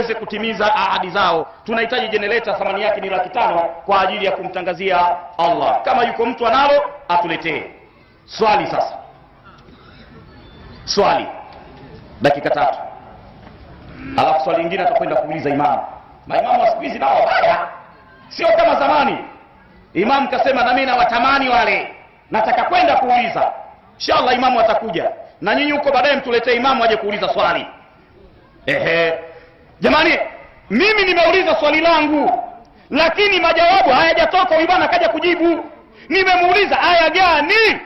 waweze kutimiza ahadi zao. Tunahitaji jenereta, thamani yake ni laki tano kwa ajili ya kumtangazia Allah. Kama yuko mtu analo atuletee. Swali sasa, swali dakika tatu, alafu swali lingine atakwenda kuuliza imamu. Maimamu wa siku hizi nao wabaya, sio kama zamani. Imamu kasema nami nawatamani wale, nataka kwenda kuuliza. Inshallah imamu atakuja na nyinyi huko baadaye, mtuletee imamu aje kuuliza swali. Ehe ndo swali langu, lakini majawabu hayajatoka. Huyu bwana akaja kujibu, nimemuuliza aya gani,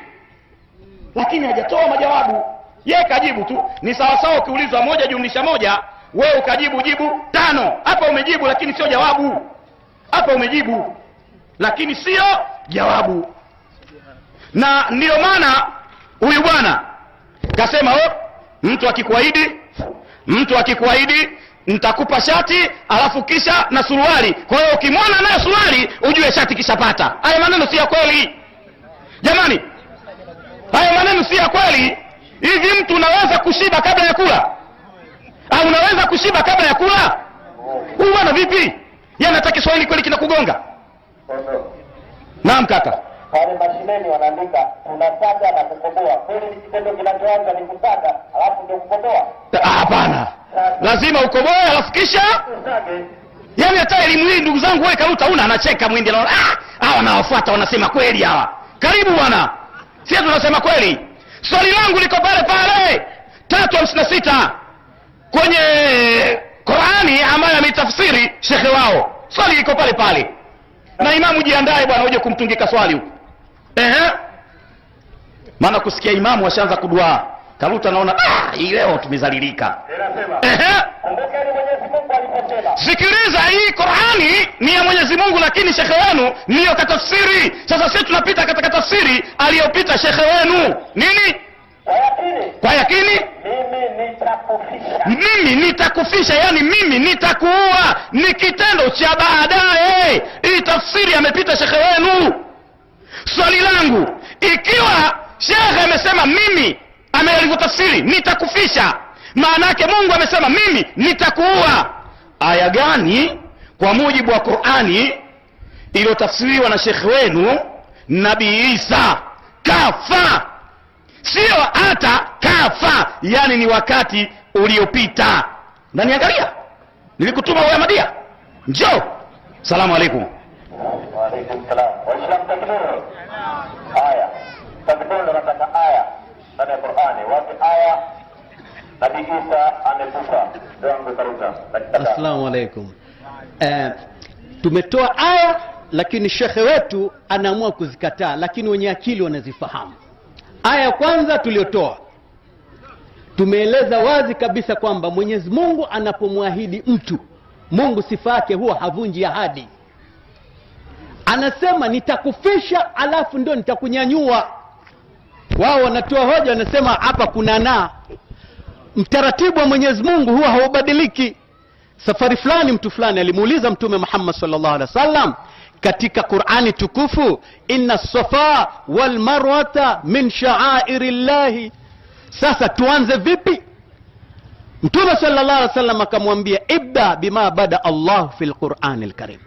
lakini hajatoa majawabu. Ye kajibu tu. Ni sawasawa ukiulizwa moja jumlisha moja, we ukajibu jibu tano. Hapa umejibu lakini sio jawabu. Hapa umejibu lakini sio jawabu, na ndiyo maana huyu bwana kasema, oh, mtu akikuahidi, mtu akikuahidi nitakupa shati alafu kisha na suruali. Kwa hiyo ukimwona nayo suruali ujue shati kishapata. Haya maneno si ya kweli jamani, haya maneno si ya kweli. Hivi mtu unaweza kushiba kabla ya kula? Au unaweza kushiba kabla ya kula? huu bwana vipi? Yeye anataka Kiswahili kweli kinakugonga? Naam kaka pale mashineni wanaandika tunasaga na kukomboa. Kweli ni kitendo kinachoanza ni kusaga alafu ndio kukomboa? Hapana, lazima ukomboe alafu kisha usage. Yani hata elimu hii ndugu zangu, wewe kama una anacheka mwindi na ah, hawa nawafuata wanasema kweli hawa. Karibu bwana, sisi tunasema kweli. Swali langu liko pale pale 356 kwenye Qurani ambayo ametafsiri shekhe wao. Swali liko pale pale, na imamu jiandae bwana, uje kumtungika swali huko. Ehe, maana kusikia imamu washaanza kuduaa Karuta naona ah, hii leo tumezalilika. Ehe, sikiliza, hii Qur'ani ni ya Mwenyezi Mungu, lakini shekhe wenu ndiyo katafsiri. Sasa sisi tunapita katika tafsiri aliyopita shekhe wenu nini kwa yakini mimi nitakufisha, yani mimi nitakuua, ni kitendo cha baadaye. Hii tafsiri amepita shekhe wenu. Swali langu ikiwa shekhe amesema mimi, amealivyotafsiri nitakufisha, maana yake Mungu amesema mimi nitakuua. Aya gani kwa mujibu wa Qur'ani iliyotafsiriwa na shekhe wenu Nabii Isa kafa, sio hata kafa, yani ni wakati uliopita. Na niangalia, nilikutuma wewe njo njoo. Salamu alaikum Wa salaam. takbir. watu haya Isa Assalamu alaikum. Eh, tumetoa aya lakini shekhe wetu anaamua kuzikataa, lakini wenye akili wanazifahamu. Aya ya kwanza tuliyotoa tumeeleza wazi kabisa kwamba Mwenyezi Mungu anapomwahidi mtu, Mungu sifa yake huwa havunji ahadi. Anasema nitakufisha, alafu ndio nitakunyanyua wao wanatoa hoja, wanasema hapa kuna na mtaratibu wa Mwenyezi Mungu huwa haubadiliki. Safari fulani mtu fulani alimuuliza Mtume Muhammad sallallahu alaihi wasallam katika Qur'ani tukufu, inna safa wal marwata min sha'airi llahi, sasa tuanze vipi? Mtume sallallahu alaihi wasallam akamwambia, ibda bima bada Allah fil lqurani Karim,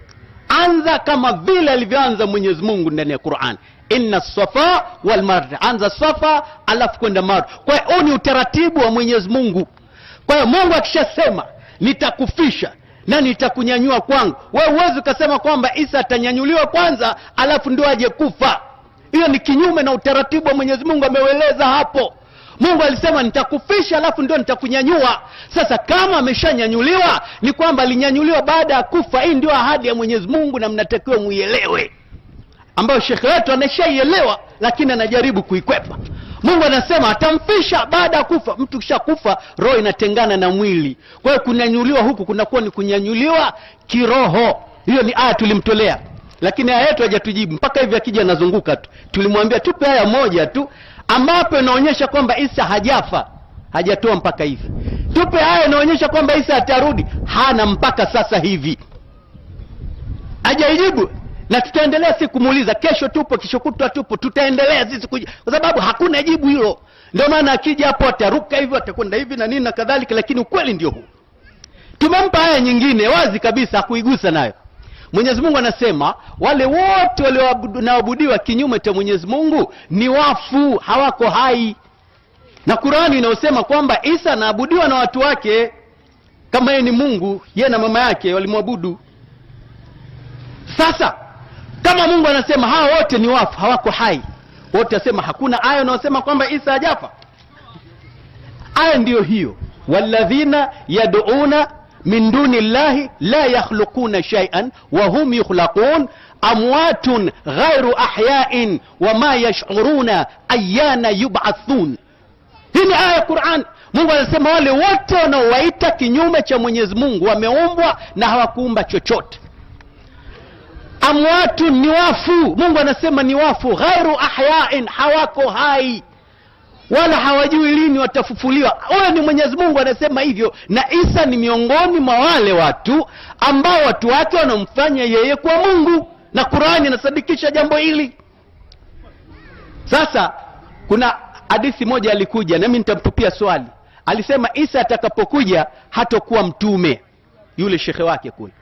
anza kama vile alivyoanza Mwenyezi Mungu ndani ya Qur'ani inna safa wal marwa, anza safa alafu kwenda marwa. Kwa hiyo huu ni utaratibu wa Mwenyezi Mungu. Kwa hiyo Mungu akishasema nitakufisha na nitakunyanyua kwangu, wewe huwezi ukasema kwamba Isa atanyanyuliwa kwanza alafu ndio aje kufa. Hiyo ni kinyume na utaratibu wa Mwenyezi Mungu, ameueleza hapo. Mungu alisema nitakufisha, alafu ndio nitakunyanyua. Sasa kama ameshanyanyuliwa, ni kwamba alinyanyuliwa baada ya kufa. Hii ndio ahadi ya Mwenyezi Mungu na mnatakiwa muielewe ambayo shekhe wetu ameshaielewa lakini anajaribu kuikwepa. Mungu anasema atamfisha baada ya kufa. Mtu kisha kufa, roho inatengana na mwili. Kwa hiyo kunyanyuliwa huku kunakuwa ni kunyanyuliwa kiroho. Hiyo ni aya tulimtolea, lakini aya yetu hajatujibu mpaka hivi, akija anazunguka tu. Tulimwambia tupe aya moja tu ambapo inaonyesha kwamba Isa hajafa, hajatoa mpaka hivi. Tupe aya inaonyesha kwamba Isa atarudi, hana mpaka sasa hivi, hajaijibu na tutaendelea si kumuuliza kesho tupo, kesho kutwa tupo, tutaendelea sisi kwa sababu hakuna jibu hilo. Ndio maana akija hapo ataruka hivyo, atakwenda hivi na nini na kadhalika, lakini ukweli ndio huu. Tumempa haya nyingine wazi kabisa, hakuigusa nayo. Mwenyezi Mungu anasema wale wote walioabudiwa kinyume cha Mwenyezi Mungu ni wafu, hawako hai, na Qur'ani inayosema kwamba Isa anaabudiwa na watu wake kama yeye ni Mungu. Yeye na mama yake walimwabudu. Sasa kama Mungu anasema hawa wote ni wafu, hawako hai wote, asema hakuna aya unaosema kwamba Isa hajafa. Aya ndiyo hiyo, walladhina yad'una min duni llahi la yakhluquna shay'an wa hum yukhlaqun amwatun ghairu ahyain wama yash'uruna ayyana yub'athun. Hii ni aya ya Qur'an. Mungu anasema wale wote wanaowaita kinyume cha Mwenyezi Mungu wameumbwa na hawakuumba chochote amwatu ni wafu. Mungu anasema ni wafu, ghairu ahyain, hawako hai wala hawajui lini watafufuliwa. Huyo ni Mwenyezi Mungu anasema hivyo, na Isa ni miongoni mwa wale watu ambao watu wake wanamfanya yeye kwa Mungu, na Qurani inasadikisha jambo hili. Sasa kuna hadithi moja alikuja, nami nitamtupia swali. Alisema Isa atakapokuja hatokuwa mtume, yule shekhe wake kule.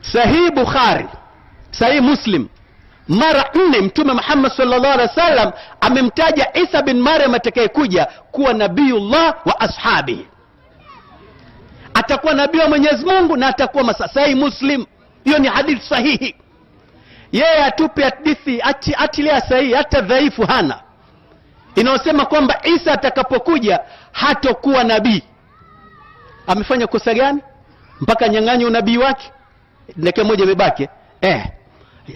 Sahihi Bukhari Sahihi Muslim mara nne Mtume Muhammad sallallahu alaihi wasallam amemtaja Isa bin Maryam atakayekuja kuwa nabiyullah wa ashabihi, atakuwa nabii wa Mwenyezi Mungu na atakuwa Sahihi Muslim, hiyo ni hadithi sahihi. Yeye atupe hadithi ati atilia sahihi, hata dhaifu hana, inayosema kwamba Isa atakapokuja hatokuwa nabii. Amefanya kosa gani mpaka nyang'anywa unabii wake? Dakika moja imebaki eh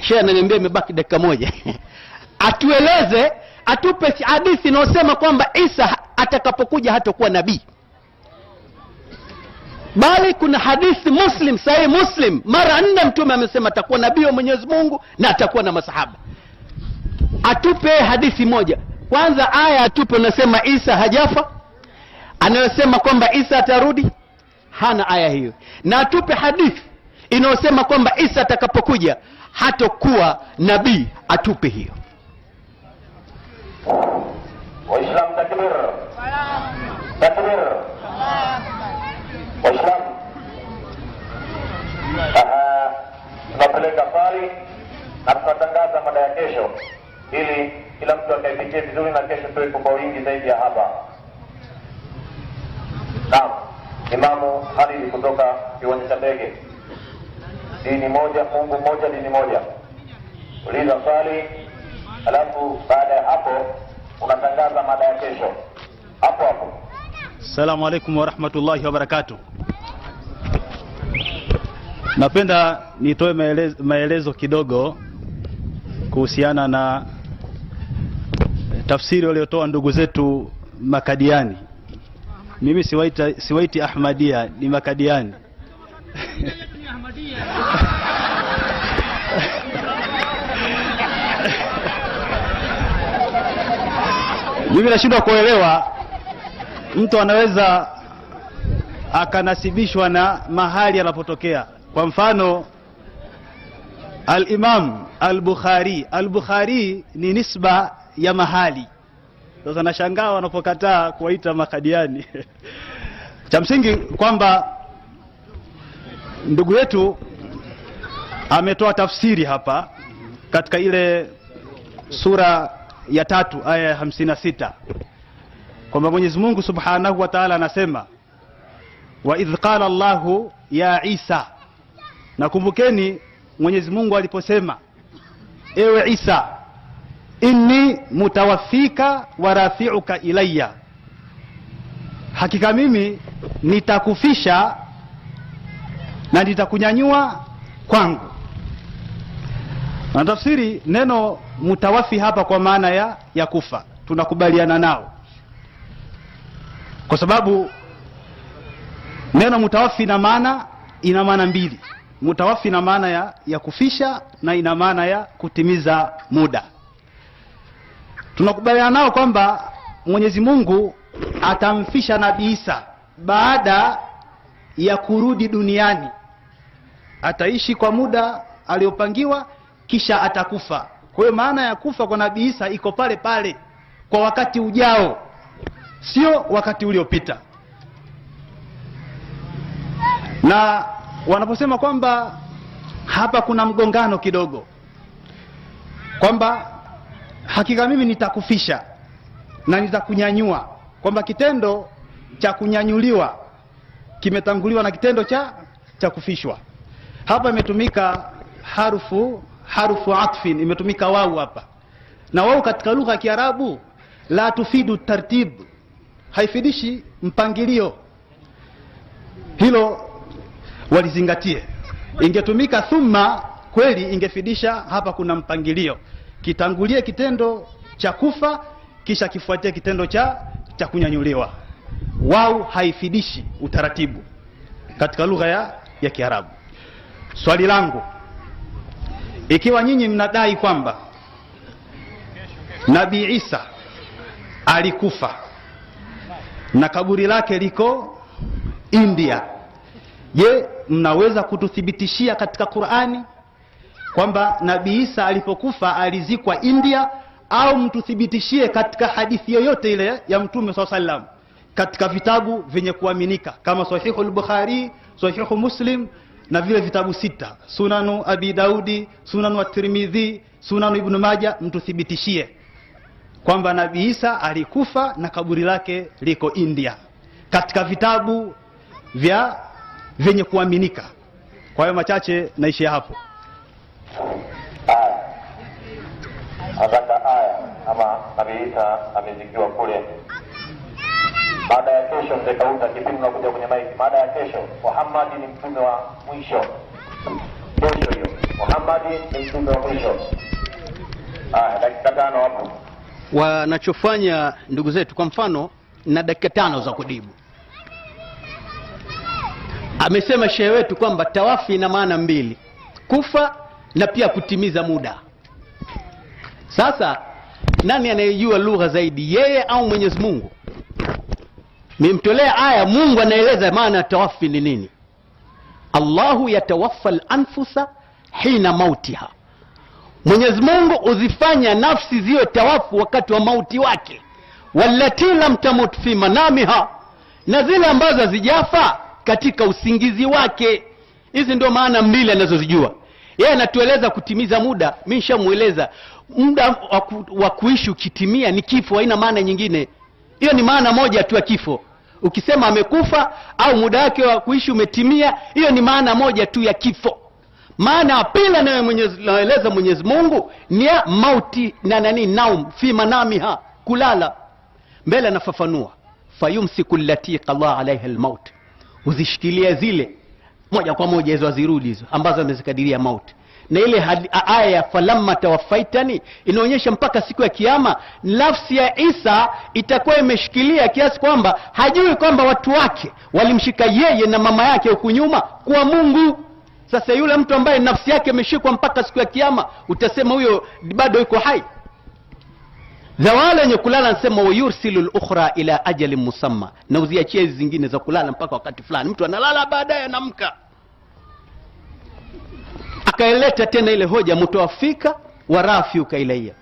Shehe ananiambia imebaki dakika moja atueleze, atupe hadithi inayosema kwamba Isa atakapokuja hatakuwa nabii, bali kuna hadithi Muslim, sahihi Muslim, mara nne Mtume amesema atakuwa nabii wa Mwenyezi Mungu na atakuwa na masahaba. Atupe hadithi moja kwanza, aya atupe, unasema Isa hajafa, anayosema kwamba Isa atarudi, hana aya hiyo, na atupe hadithi inayosema kwamba Isa atakapokuja hatokuwa nabii, atupe hiyo. Waislam takbir, takbir, Waislam tunapeleka pale na tunatangaza mada ya kesho, ili kila mtu akaipitie vizuri, na kesho tuwepo kwa wingi zaidi ya hapa. Naam, Imamu Halidi kutoka kiwanja cha ndege dini moja, Mungu mmoja, dini moja. Uliza swali, alafu baada ya hapo unatangaza mada ya kesho hapo hapo. Assalamu alaikum warahmatullahi wabarakatuh. Napenda nitoe maelezo, maelezo kidogo kuhusiana na tafsiri waliotoa ndugu zetu Makadiani. Mimi siwaita, siwaiti Ahmadia ni Makadiani Mimi nashindwa kuelewa mtu anaweza akanasibishwa na mahali anapotokea. Kwa mfano Al-Imam Al-Bukhari, Al-Bukhari ni nisba ya mahali. Sasa nashangaa wanapokataa kuwaita makadiani cha msingi kwamba ndugu yetu ametoa tafsiri hapa katika ile sura ya tatu aya ya hamsini na sita kwamba Mwenyezi Mungu subhanahu wa taala anasema wa idh qala Allahu ya Isa, nakumbukeni Mwenyezi Mungu aliposema ewe Isa, inni mutawaffika wa rafiuka ilayya, hakika mimi nitakufisha na nitakunyanyua kwangu natafsiri neno mutawafi hapa kwa maana ya ya kufa, tunakubaliana nao kwa sababu neno mutawafi ina maana ina maana mbili. Mutawafi ina maana ya, ya kufisha na ina maana ya kutimiza muda. Tunakubaliana nao kwamba Mwenyezi Mungu atamfisha Nabii Isa baada ya kurudi duniani, ataishi kwa muda aliopangiwa kisha atakufa. Kwa hiyo maana ya kufa kwa Nabii Isa iko pale pale kwa wakati ujao, sio wakati uliopita. Na wanaposema kwamba hapa kuna mgongano kidogo, kwamba hakika mimi nitakufisha na nitakunyanyua, kwamba kitendo cha kunyanyuliwa kimetanguliwa na kitendo cha cha kufishwa. Hapa imetumika harufu harfu atfin imetumika wau hapa, na wau katika lugha ya Kiarabu la tufidu tartib, haifidishi mpangilio. Hilo walizingatie. Ingetumika thumma, kweli ingefidisha hapa kuna mpangilio, kitangulie kitendo cha kufa, kisha kifuatie kitendo cha cha kunyanyuliwa. Wau haifidishi utaratibu katika lugha ya, ya Kiarabu. Swali langu ikiwa nyinyi mnadai kwamba Nabii Isa alikufa na kaburi lake liko India, je, mnaweza kututhibitishia katika Qur'ani kwamba Nabii Isa alipokufa alizikwa India, au mtuthibitishie katika hadithi yoyote ile ya Mtume saa sallam katika vitabu vyenye kuaminika kama sahihu lbukhari Sahihu Muslim na vile vitabu sita sunanu abi daudi sunanu at-tirmidhi sunanu ibnu maja mtuthibitishie kwamba nabi isa alikufa na kaburi lake liko india katika vitabu vya vyenye kuaminika kwa hiyo machache naishia hapo aya ama nabii isa amezikiwa kule baada ya kesho mzee Kauta kipindi unakuja kwenye maiki. Baada ya kesho Muhammad ni mtume wa mwisho. Kesho hiyo Muhammad ni mtume wa mwisho. Ah, dakika tano hapo. Wanachofanya ndugu zetu, kwa mfano, na dakika tano za kudibu Amesema shehe wetu kwamba tawafi ina maana mbili, kufa na pia kutimiza muda. Sasa nani anayejua lugha zaidi, yeye au Mwenyezi Mungu? nimtolea aya, Mungu anaeleza maana ya tawafi ni nini. Allahu yatawaffa al-anfusa hina mautiha, Mwenyezi Mungu huzifanya nafsi ziwe tawafu wakati wa mauti wake. Wallati lam tamut fi manamiha, na zile ambazo hazijafa katika usingizi wake. Hizi ndio maana mbili anazozijua yeye. Anatueleza kutimiza muda, mi nishamweleza muda wa kuishi ukitimia ni kifo, haina maana nyingine. Hiyo ni maana moja tu ya kifo. Ukisema amekufa au muda wake wa kuishi umetimia, hiyo ni maana moja tu ya kifo. Maana ya pili anayoeleza Mwenyezi Mungu ni ya mauti na nani, naum fi manamiha, kulala. Mbele anafafanua fayumsiku lati qada alaiha almaut, huzishikilia zile moja kwa moja hizo hazirudi, hizo ambazo amezikadiria mauti na ile aya ya falamma tawafaitani inaonyesha mpaka siku ya Kiyama nafsi ya Isa itakuwa imeshikilia kiasi kwamba hajui kwamba watu wake walimshika yeye na mama yake huku nyuma kwa Mungu. Sasa yule mtu ambaye nafsi yake imeshikwa mpaka siku ya Kiyama, utasema huyo bado yuko hai? Dhawala yenye kulala anasema wayursilu lukhra ila ajalin musamma, na uziachie hizi zingine za kulala mpaka wakati fulani. Mtu analala baadaye anamka akaeleta tena ile hoja mutawafika wa rafiuka ilaiya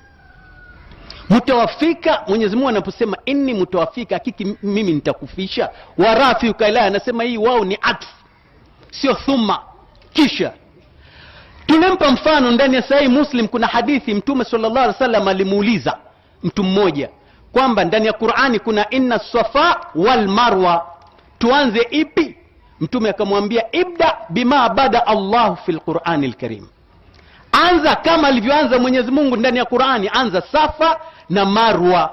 mtawafika Mwenyezi Mungu anaposema inni mtawafika, hakiki mimi nitakufisha. warafiuka ukailaya anasema hii wao ni atfu, sio thuma Kisha tulimpa mfano ndani ya Sahihi Muslim, kuna hadithi Mtume sallallahu alaihi wasallam alimuuliza mtu mmoja kwamba ndani ya Qur'ani kuna inna safa wal marwa, tuanze ipi? Mtume akamwambia ibda bima bada Allahu fil Qurani lkarim, anza kama alivyoanza Mwenyezi Mungu ndani ya Qurani, anza Safa na Marwa.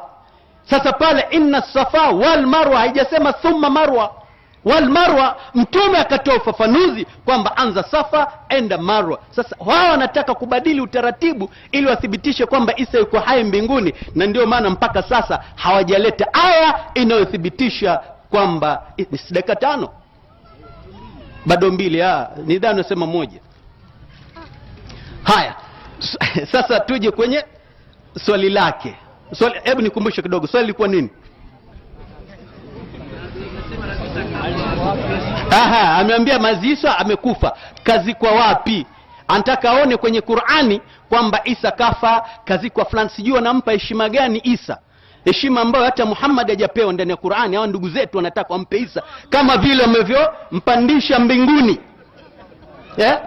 Sasa pale inna safa wal marwa haijasema thumma marwa wal marwa. Mtume akatoa ufafanuzi kwamba anza Safa, enda Marwa. Sasa wao wanataka kubadili utaratibu ili wathibitishe kwamba Isa yuko hai mbinguni, na ndio maana mpaka sasa hawajaleta aya inayothibitisha kwamba ni dakika tano bado mbili, ah, nidhani nasema moja. Haya, sasa tuje kwenye swali lake. Hebu nikumbushe kidogo, swali lilikuwa nini? Aha, ameambia mazi amekufa, amekufa, kazikwa wapi? Anataka aone kwenye Qur'ani kwamba Isa kafa kazikwa fulani. Sijui wanampa heshima gani Isa heshima ambayo hata Muhammad hajapewa ndani ya Qur'ani. Hawa ndugu zetu wanataka wampe Isa kama vile wamevyompandisha mbinguni yeah?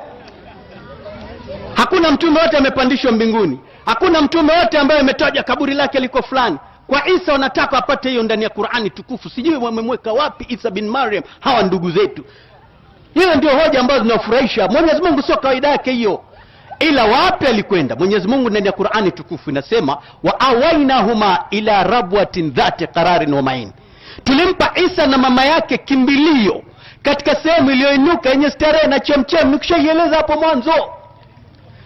Hakuna mtume wote amepandishwa mbinguni, hakuna mtume wote ambaye ametoja kaburi lake liko fulani. Kwa Isa wanataka apate hiyo ndani ya Qur'ani tukufu. Sijui wamemweka wapi Isa bin Maryam hawa ndugu zetu. Hiyo ndio hoja ambazo zinafurahisha. Mwenyezi Mungu sio kawaida yake hiyo ila wapi alikwenda? Mwenyezi Mungu ndani ya Qur'ani tukufu inasema wa awainahuma ila rabwatin dhati qararin wa main, tulimpa Isa na mama yake kimbilio katika sehemu iliyoinuka yenye starehe na chemchem. nikushaieleza hapo mwanzo.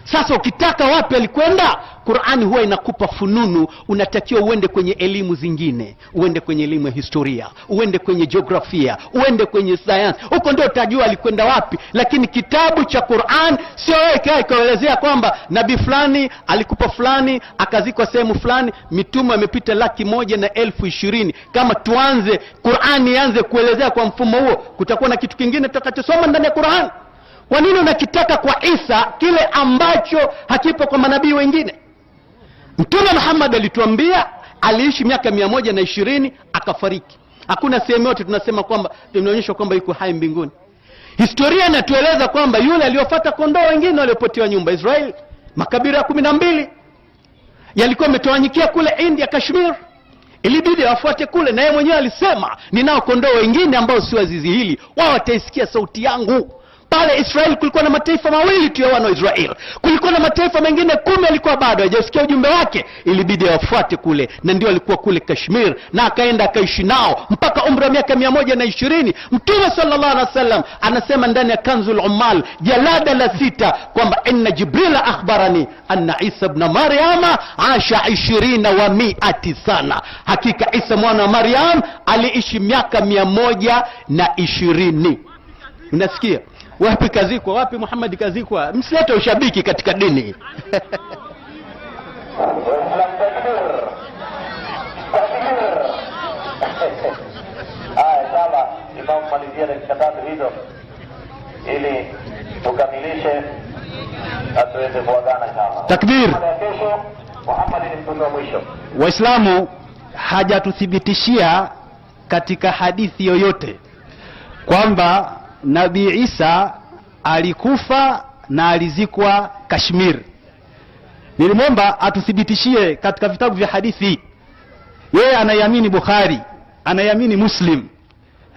Sasa ukitaka wapi alikwenda Qur'ani huwa inakupa fununu, unatakiwa uende kwenye elimu zingine, uende kwenye elimu ya historia, uende kwenye jiografia, uende kwenye sayansi. Huko ndio utajua alikwenda wapi, lakini kitabu cha Qur'an sio wewe ikaelezea kwamba nabii fulani alikupa fulani akazikwa sehemu fulani, mitume amepita laki moja na elfu ishirini. Kama tuanze Qur'ani ianze kuelezea kwa mfumo huo, kutakuwa na kitu kingine tutakachosoma ndani ya Qur'an. Kwa nini unakitaka kwa Isa kile ambacho hakipo kwa manabii wengine? Mtume Muhammad alituambia, aliishi miaka mia moja na ishirini akafariki. Hakuna sehemu yote tunasema kwamba tunaonyeshwa kwamba yuko hai mbinguni. Historia inatueleza kwamba yule aliyofuata kondoo wengine waliopotewa nyumba Israeli, makabila ya kumi na mbili yalikuwa yametawanyikia kule India, Kashmir, ilibidi wafuate kule, na yeye mwenyewe alisema, ninao kondoo wengine ambao si wa zizi hili, wao wataisikia sauti yangu pale Israeli kulikuwa na mataifa mawili tu ya wana wa kulikuwa na mataifa mengine kumi alikuwa bado hajasikia ujumbe wake, ilibidi awafuate kule, na ndio alikuwa kule Kashmir, na akaenda akaishi nao mpaka umri wa miaka mia moja na ishirini. Mtume sallallahu alaihi wasallam anasema ndani ya Kanzul Ummal jalada la sita kwamba inna Jibrila akhbarani anna Isa bna Maryama asha ishirina wa miati sana, hakika Isa mwana wa Maryam aliishi miaka mia moja na ishirini. Unasikia? Wapi kazikwa? Wapi Muhammad kazikwa? Msilete ushabiki katika dini. hizo ili tukamilishe na tuweze kuagana kama takbir. Muhammad ni mtume wa mwisho. Waislamu hajatuthibitishia katika hadithi yoyote kwamba Nabii Isa alikufa na alizikwa Kashmir. Nilimwomba atuthibitishie katika vitabu vya hadithi, yeye anaiamini Bukhari, anaiamini Muslim,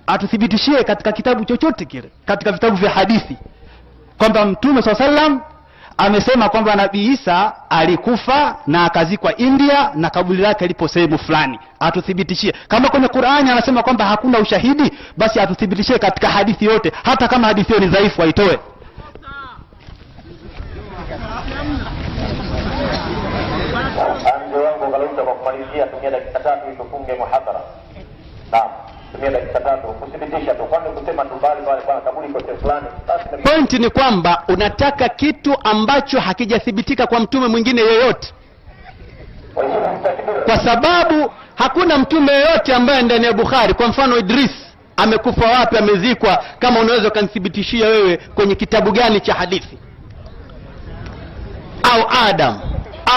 atuthibitishie katika kitabu chochote kile katika vitabu vya hadithi kwamba Mtume swalla amesema kwamba Nabii Isa alikufa na akazikwa India na kaburi lake lipo sehemu fulani. Atuthibitishie kama kwenye Qur'ani anasema kwamba hakuna ushahidi, basi atuthibitishie katika hadithi yote, hata kama hadithi hiyo ni dhaifu, aitoe nitumie dakika tatu kuthibitisha tu, kwani kusema tu bali bali bwana kaburi fulani. Point ni kwamba unataka kitu ambacho hakijathibitika kwa mtume mwingine yoyote, kwa sababu hakuna mtume yoyote ambaye ndani ya Bukhari, kwa mfano Idris amekufa wapi, amezikwa, kama unaweza ukanithibitishia wewe kwenye kitabu gani cha hadithi, au Adam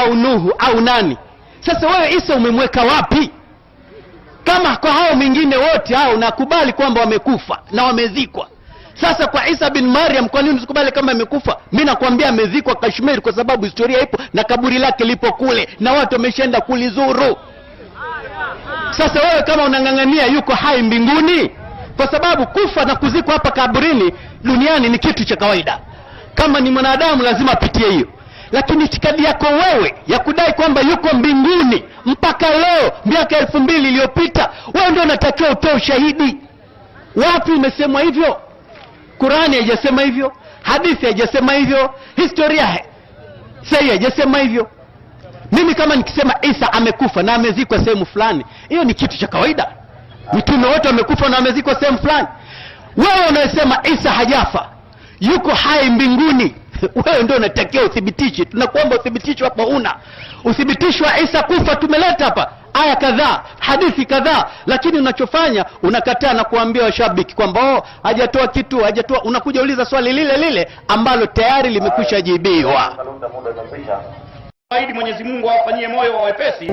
au Nuhu au nani? Sasa wewe Isa umemweka wapi? kama kwa hao mingine wote hao nakubali kwamba wamekufa na wamezikwa. Sasa kwa Isa bin Maryam, kwa nini usikubali kama amekufa? Mimi nakwambia amezikwa Kashmir, kwa sababu historia ipo na kaburi lake lipo kule na watu wameshaenda kulizuru. Sasa wewe kama unang'ang'ania yuko hai mbinguni, kwa sababu kufa na kuzikwa hapa kaburini duniani ni kitu cha kawaida. Kama ni mwanadamu lazima apitie hiyo lakini itikadi yako wewe ya kudai kwamba yuko mbinguni mpaka leo miaka elfu mbili iliyopita, wewe ndio unatakiwa utoe ushahidi. Wapi umesemwa hivyo? Qurani haijasema hivyo, hadithi haijasema hivyo, historia sahihi haijasema hivyo. Mimi kama nikisema Isa amekufa na amezikwa sehemu fulani, hiyo ni kitu cha kawaida. mtume wote wamekufa na amezikwa sehemu fulani. Wewe unayesema Isa hajafa, yuko hai mbinguni wewe ndio unatakiwa uthibitishe. Tunakuomba uthibitisho hapa, una uthibitisho wa Isa kufa tumeleta hapa aya kadhaa, hadithi kadhaa, lakini unachofanya unakataa na kuambia washabiki kwamba oh, hajatoa kitu, hajatoa. Unakuja uliza swali lile lile ambalo tayari limekwisha jibiwa. Mwenyezi Mungu awafanyie moyo wa wepesi.